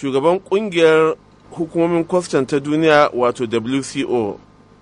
shugaban kungiyar hukumomin kwastan ta duniya wato wco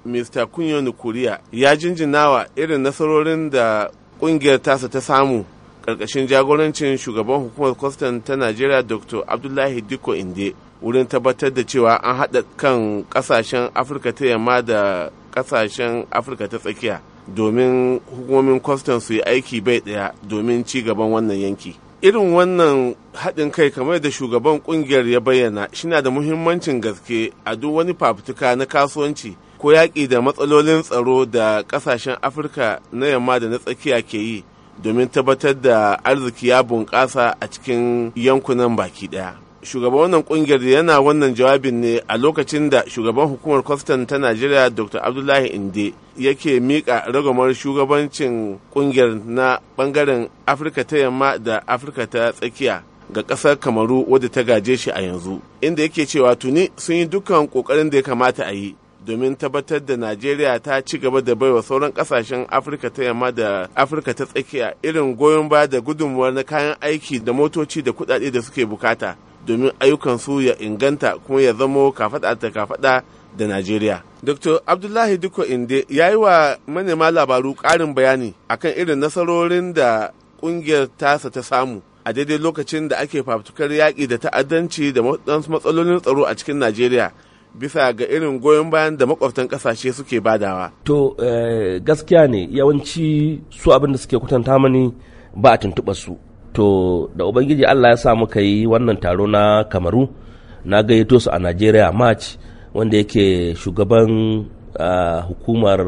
mr kunyo nukuriya ya jinjinawa irin nasarorin da kungiyar tasa ta samu karkashin jagorancin shugaban hukumar kwastan ta najeriya dr abdullahi diko inde wurin tabbatar da cewa an haɗa kan ƙasashen afirka ta yamma da ƙasashen afirka ta tsakiya domin hukumomin kwastan su yi aiki bai ɗaya domin ci gaban wannan yanki irin wannan haɗin kai kamar da shugaban ƙungiyar ya bayyana shina da muhimmancin gaske a duk wani fafutuka na kasuwanci ko yaƙi da matsalolin tsaro da ƙasashen afirka na yamma da na tsakiya ke yi domin tabbatar da arziki ya bunƙasa a cikin yankunan baki ɗaya shugaban wannan kungiyar yana wannan jawabin ne a lokacin da shugaban hukumar kwastan ta najeriya dr abdullahi inde yake mika ragamar shugabancin kungiyar na bangaren afirka ta yamma da afirka ta tsakiya ga ƙasar kamaru wadda ta gaje shi a yanzu inda yake cewa tuni sun yi dukkan kokarin da ya kamata a yi domin tabbatar da najeriya ta ci gaba da baiwa sauran ƙasashen afirka ta yamma da afirka ta tsakiya irin goyon ba da gudunmuwar na kayan aiki da motoci da kudade da suke bukata domin ayyukansu ya inganta kuma ya zamo kafada ta kafada da Najeriya. Dr. Abdullahi Dukko Inde ya yi wa manema labaru ƙarin bayani akan irin nasarorin da ƙungiyar tasa ta samu a daidai lokacin da ake fafutukar yaƙi da ta'addanci da matsalolin tsaro a cikin Najeriya bisa ga irin goyon bayan da makwabtan ƙasashe suke badawa. To eh, gaskiya ne yawanci su abin da suke kwatanta mani ba a tuntuɓa su to da ubangiji allah ya sa muka yi wannan taro na kamaru na gayyato su a nigeria march wanda yake shugaban hukumar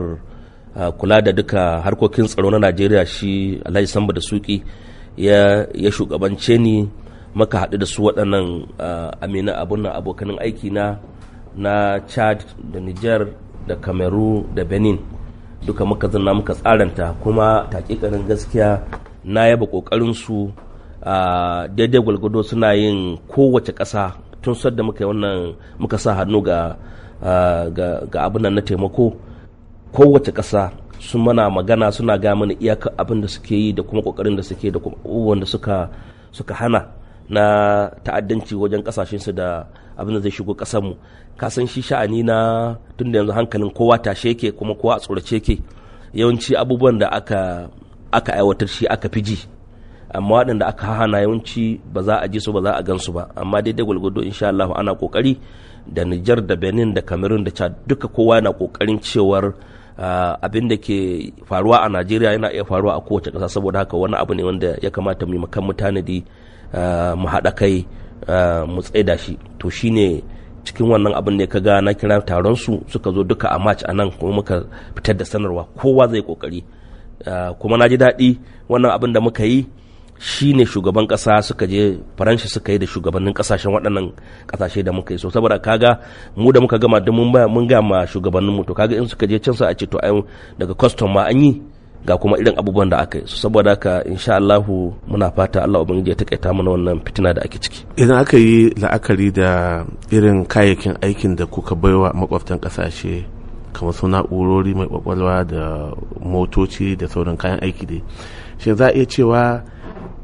kula da duka harkokin tsaro na nigeria shi alhaji samba da suki ya, shugabance ni maka haɗu da su waɗannan uh, amina abun abokanin aiki na na chad da niger da cameroon da benin duka muka zanna muka tsaranta kuma takikanin gaskiya na yaba su a daidai gwalgwado suna yin kowace ƙasa tun da muka wannan muka sa hannu ga ga abin na taimako kowace ƙasa sun mana magana suna ga mana iyaka abin da suke yi da kuma ƙoƙarin da suke da kuma abubuwan da suka suka hana na ta'addanci wajen su da abin da zai shigo mu kasan shi sha'ani na tun da yanzu hankalin kowa tashe ke kuma kowa a tsorace ke yawanci abubuwan da aka aka aiwatar shi aka fi ji amma waɗanda aka hana yawanci ba za a ji su ba za a gan su ba amma daidai gwalgwado insha Allah ana kokari da Nijar da Benin da Cameroon da Chad duka kowa yana kokarin cewar ah, abin da ke faruwa a Najeriya yana iya faruwa a kowace ƙasa saboda haka wani abu ne wanda ya kamata mu makan mutane ah, mu haɗa kai ah, mu tsaida shi to shine cikin wannan abin ne kaga na kira taron su suka zo duka a march anan nan kuma muka fitar da sanarwa kowa zai kokari Ah, kuma na ji daɗi wannan abin da muka yi shi ne shugaban ƙasa suka je faransa suka yi da shugabannin ƙasashen waɗannan ƙasashe da muka yi so saboda kaga mu da muka gama da mun ga ma shugabannin mu to kaga in suka je can sa a ce to ai daga custom ma an yi ga kuma irin abubuwan da aka yi so saboda haka insha Allah muna fata Allah ubangiji ya takaita mana wannan fitina da ake ciki idan aka yi la'akari da irin kayayyakin aikin da kuka baiwa makwabtan ƙasashe kamar su na'urori mai kwakwalwa da motoci da sauran kayan aiki dai shi za a iya cewa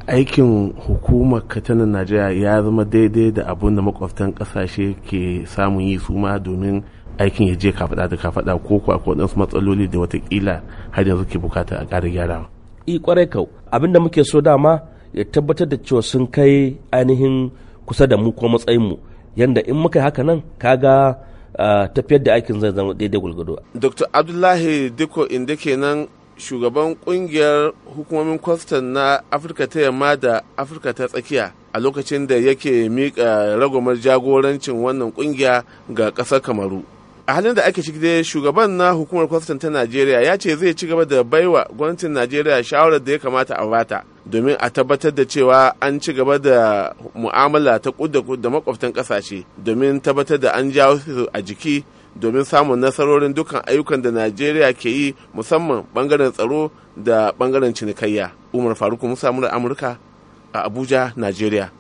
aikin hukumar katanan najeriya ya zama daidai da abun da makwabtan kasashe ke samun yi su ma domin aikin ya je kafaɗa da kafaɗa ko kuwa ko su matsaloli da watakila har yanzu ke bukata a ƙara gyara. i kwarai kau abin da muke so dama ya tabbatar da cewa sun kai ainihin kusa da mu ko matsayin mu yanda in muka yi haka nan kaga Ah, tafiyar da aikin zai zama daidai gulgudu. Dr. Abdullahi Diko inda kenan shugaban kungiyar hukumomin kwastan na Afirka ta yamma da Afirka ta tsakiya a lokacin da yake mika ragomar jagorancin wannan kungiya ga ƙasar Kamaru. a halin da ake ciki dai shugaban na hukumar kwastan ta najeriya ya ce zai ci gaba da baiwa gwamnatin najeriya shawarar da ya kamata a bata domin a tabbatar da cewa an ci gaba da mu'amala ta kudda da makwabtan kasashe domin tabbatar da an jawo su a jiki domin samun nasarorin dukkan ayyukan da najeriya ke yi musamman bangaren tsaro da bangaren cinikayya umar faruk musa amurka a abuja najeriya